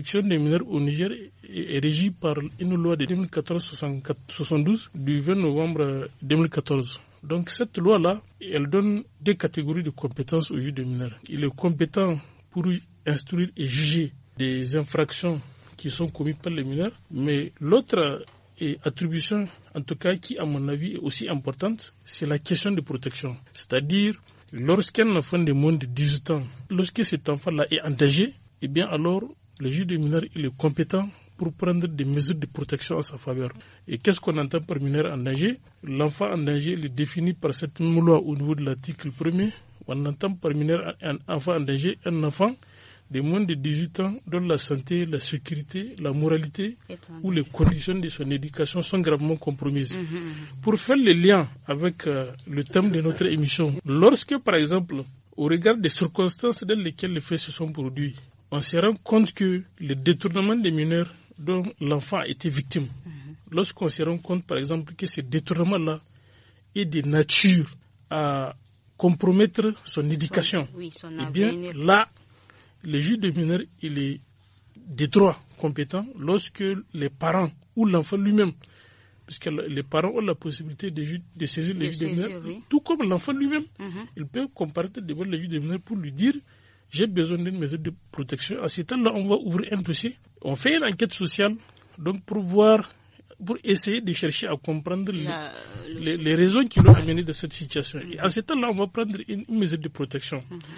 protection des mineurs au Niger est régie par une loi de 2014-72 du 20 novembre 2014. Euh, Donc cette loi-là, elle donne deux catégories de compétences au juge des mineurs. Il est compétent pour instruire et juger des infractions qui sont commises par les mineurs, mais l'autre euh, attribution, en tout cas qui à mon avis est aussi importante, c'est la question de protection. C'est-à-dire, lorsqu'un enfant de moins de 18 ans, lorsque cet enfant-là est engagé, eh bien alors le juge des mineurs, est compétent pour prendre des mesures de protection à sa faveur. Et qu'est-ce qu'on entend par mineur en danger L'enfant en danger, est défini par cette loi au niveau de l'article 1 On entend par mineur un enfant en danger un enfant de moins de 18 ans dont la santé, la sécurité, la moralité ou les conditions de son éducation sont gravement compromises. Mmh, mmh, mmh. Pour faire le lien avec euh, le thème de notre émission, lorsque par exemple, au regard des circonstances dans lesquelles les faits se sont produits, on se rend compte que le détournement des mineurs dont l'enfant a victime, mhm. lorsqu'on se rend compte, par exemple, que ce détournement-là est de nature à compromettre son éducation, eh bien là, le juge des mineurs, il est détroit, compétent, lorsque les parents ou l'enfant lui-même, puisque les parents ont la possibilité de, saisir le juge mineurs, tout comme l'enfant lui-même, mhm. il peut comparaître devant le juge des mineurs pour lui dire j'ai besoin d'une mesure de protection. À ce temps-là, on va ouvrir un dossier. On fait une enquête sociale, donc pour voir, pour essayer de chercher à comprendre les, les, raisons qui l'ont amené dans cette situation. Et à ce temps-là, on va prendre une, mesure de protection. Mhm.